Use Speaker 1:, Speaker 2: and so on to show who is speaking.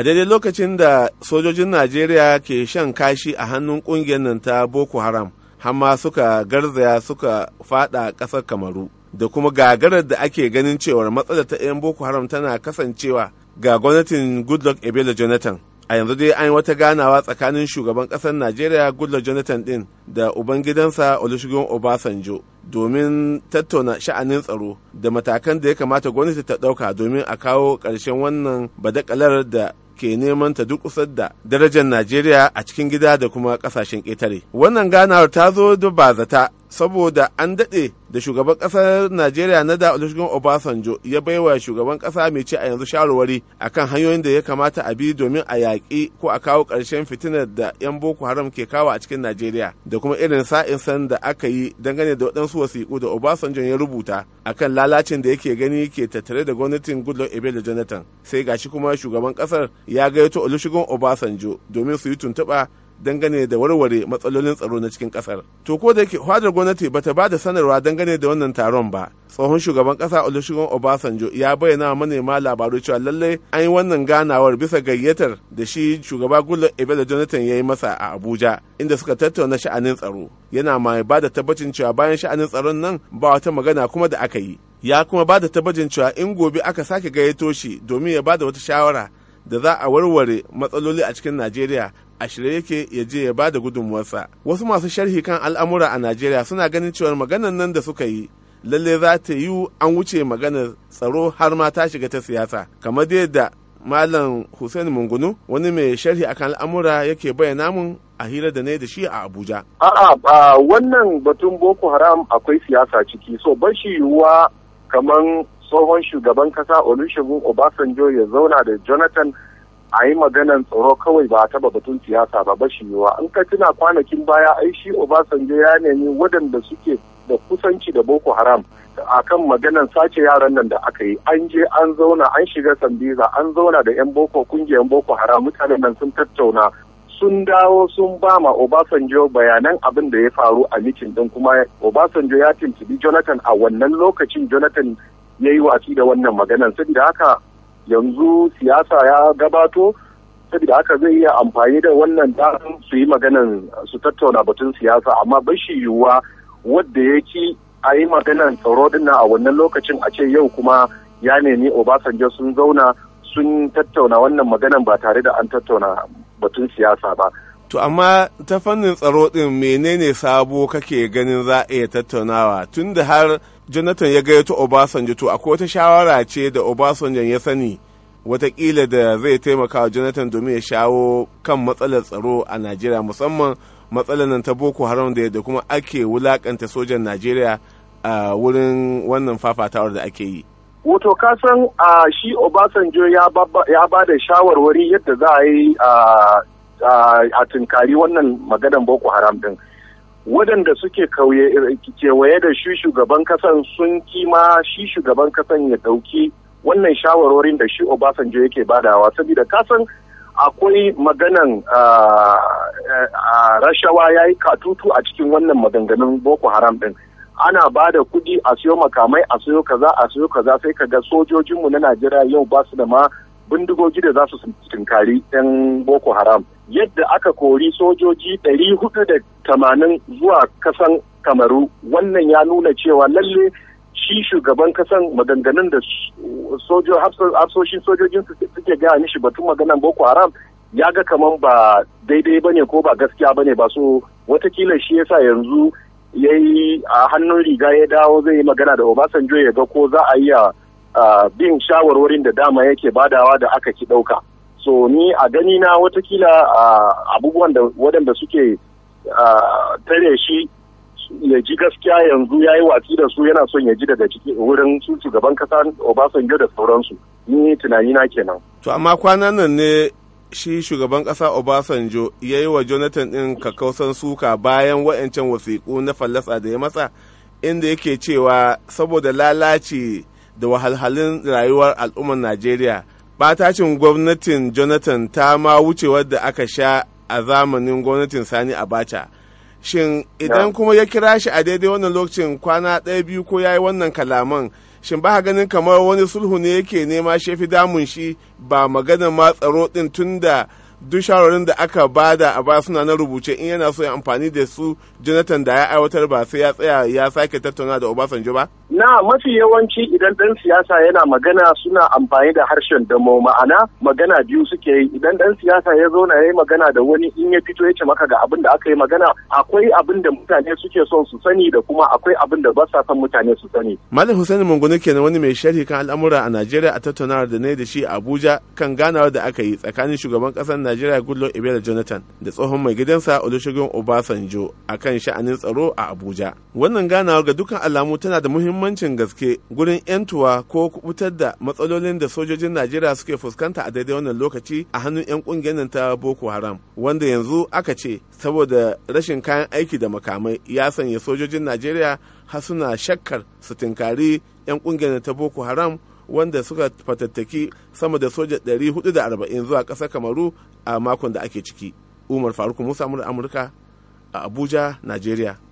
Speaker 1: a daidai lokacin da sojojin najeriya ke shan kashi a hannun kungiyar nan ta boko haram hama suka garzaya suka fada kasar kamaru da kuma gagarar da ake ganin cewar matsalar ta 'yan boko haram tana kasancewa ga gwamnatin goodluck ebele jonathan a yanzu dai an yi wata ganawa tsakanin shugaban kasar najeriya goodluck jonathan din da ubangidansa olusegun obasanjo domin tattauna sha'anin tsaro da matakan da ya kamata gwamnati ta ɗauka domin a kawo ƙarshen wannan badakalar da ke neman ta dukusar da darajar Najeriya a cikin gida da kuma ƙasashen ƙetare. Wannan ganawar ta zo da bazata saboda an daɗe da shugaban ƙasar najeriya na da shugaban obasanjo ya baiwa shugaban ƙasa mai ci a yanzu shawarwari akan hanyoyin da ya kamata a bi domin a yaƙi ko a kawo ƙarshen fitinar da 'yan boko haram ke kawo a cikin najeriya da kuma irin sa'in san da aka yi dangane da waɗansu wasiƙu da obasanjo ya rubuta akan lalacin da yake gani ke tattare da gwamnatin goodluck ebele jonathan sai gashi kuma shugaban ƙasar ya gayyato olusegun obasanjo domin su yi tuntuɓa dangane da warware matsalolin tsaro na cikin kasar. To ko da yake hadar gwamnati ba ta ba da sanarwa dangane da wannan taron ba. Tsohon shugaban kasa Olusegun Obasanjo ya bayyana manema labaru cewa lallai an yi wannan ganawar bisa gayyatar da shi shugaba Goodluck Ebele Jonathan ya yi masa a Abuja inda suka tattauna sha'anin tsaro. Yana mai ba da tabbacin cewa bayan sha'anin tsaron nan ba wata magana kuma da aka yi. Ya kuma ba da tabbacin cewa in gobe aka sake gayyato shi domin ya ba da wata shawara da za a warware matsaloli a cikin Najeriya a shirye yake ya je ya bada gudunmuwarsa wasu masu sharhi kan al'amura a najeriya suna ganin cewar maganar nan da suka yi lalle za ta yi an wuce maganar tsaro har ma ta shiga ta siyasa kamar da malam hussein mungunu wani mai sharhi akan al'amura yake bayyana mun a hira da ne da shi a abuja
Speaker 2: a'a ba wannan batun boko haram akwai siyasa ciki so ban shi yiwuwa kamar tsohon shugaban kasa olusegun obasanjo ya zauna da jonathan a yi maganan tsaro kawai ba a taba batun siyasa ba ba shi yiwa An ka tuna kwanakin baya ai shi obasanjo ya nemi waɗanda suke da kusanci da boko haram a kan maganan sace yaran nan da aka yi an je an zauna an shiga sambiza an zauna da yan boko kungiyan boko haram mutanen nan sun tattauna sun dawo sun ba ma Obasanjo bayanan abin da ya faru a mitin din kuma Obasanjo ya tuntubi Jonathan a wannan lokacin Jonathan ya yi watsi da wannan maganan sun da haka yanzu siyasa ya gabato saboda haka zai iya amfani da wannan damar su yi maganan su tattauna batun siyasa amma shi yiwuwa wadda ya ki a yi maganan tsaro dinnan a wannan lokacin a ce yau kuma ya nemi obasanjo sun zauna sun tattauna wannan maganan ba tare da an tattauna batun siyasa ba
Speaker 1: to amma ta fannin tsaro ɗin, menene sabo kake ganin za a iya tattaunawa tun da har jonathan ya gayyato obasanjo to akwai wata shawara ce da obasanjo ya sani watakila da zai taimaka wa jonathan domin ya shawo kan matsalar tsaro a najeriya musamman matsalar nan ta boko haram da yadda kuma ake wulakanta sojan najeriya a wurin wannan fafatawar da ake yi
Speaker 2: wato kasan shi obasanjo ya ba da shawarwari yadda za a yi a tunkari wannan maganan boko haram din waɗanda suke kewaye da shi shugaban kasan sun kima shi shugaban kasan ya ɗauki wannan shawarorin da shi obasanjo yake badawa saboda kasan akwai maganan rashawa ya yi katutu a cikin wannan maganganun boko haram ɗin ana ba da kuɗi a siyo makamai a siyo kaza a siyo kaza sai ka ga sojojinmu na najeriya yau ba su da ma bindigogi da za su tunkari 'yan boko haram yadda aka kori sojoji ɗari hudu da zuwa kasan kamaru wannan ya nuna cewa lalle shi shugaban kasan maganganun da hafsoshin sojojin suke gaya shi batun maganan boko haram ya ga kaman ba daidai ba ne ko ba gaskiya ba ne ba so watakila shi yasa yanzu ya yi a hannun riga ya dawo zai yi magana da obasanjo ya ga ko za a iya bin shawarwarin da dama yake badawa da aka ki ɗauka. so ni a gani na watakila abubuwan da waɗanda suke tare shi ya ji gaskiya yanzu ya yi watsi da su yana son ya ji daga ciki wurin su shugaban kasa obasanjo da sauransu ni tunani na kenan
Speaker 1: to amma kwanan nan ne shi shugaban kasa obasanjo ya yi wa jonathan ɗin kakausan suka bayan wa'ancan wasiƙu na fallasa da ya matsa inda yake cewa saboda lalaci da wahalhalin rayuwar al'ummar najeriya batacin gwamnatin jonathan ta ma wuce wadda aka sha a zamanin gwamnatin sani abacha shin idan kuma ya kira shi a daidai wannan lokacin kwana ɗaya biyu ko ya yi wannan kalaman shin ba ganin kamar wani sulhu ne yake nema fi damun shi ba magana ma tsaro ɗin tun da duk shawarorin da aka bada a baya suna na rubuce in yana so ya amfani da su jonathan da ya aiwatar ba sai ya tsaya ya sake tattauna da obasanjo ba
Speaker 2: Na mafi yawanci idan ɗan siyasa yana magana suna amfani da harshen damo ma'ana magana biyu suke yi idan ɗan siyasa ya zo na yi magana da wani in ya fito ya ce maka ga abin da aka yi magana akwai abin da mutane suke son su sani da kuma akwai abin da ba son mutane su sani.
Speaker 1: Malam Hussein Mangunu kenan wani mai sharhi kan al'amura a Najeriya a tattaunawar da ne da shi Abuja kan ganawar da aka yi tsakanin shugaban ƙasar Najeriya gullo Ebele Jonathan da tsohon mai gidansa Olusegun Obasanjo akan sha'anin tsaro a Abuja. Wannan ganawar ga dukkan alamu tana da muhimmanci muhimmancin gaske gurin 'yantuwa ko kubutar da matsalolin da sojojin Najeriya suke fuskanta a daidai wannan lokaci a hannun 'yan kungiyar nan ta Boko Haram wanda yanzu aka ce saboda rashin kayan aiki da makamai ya sanya sojojin Najeriya har suna shakkar su tinkari 'yan kungiyar ta Boko Haram wanda suka fatattaki sama da soja ɗari da arba'in zuwa ƙasar Kamaru a makon da ake ciki. Umar Faruk Musa Amurka a Abuja, Najeriya.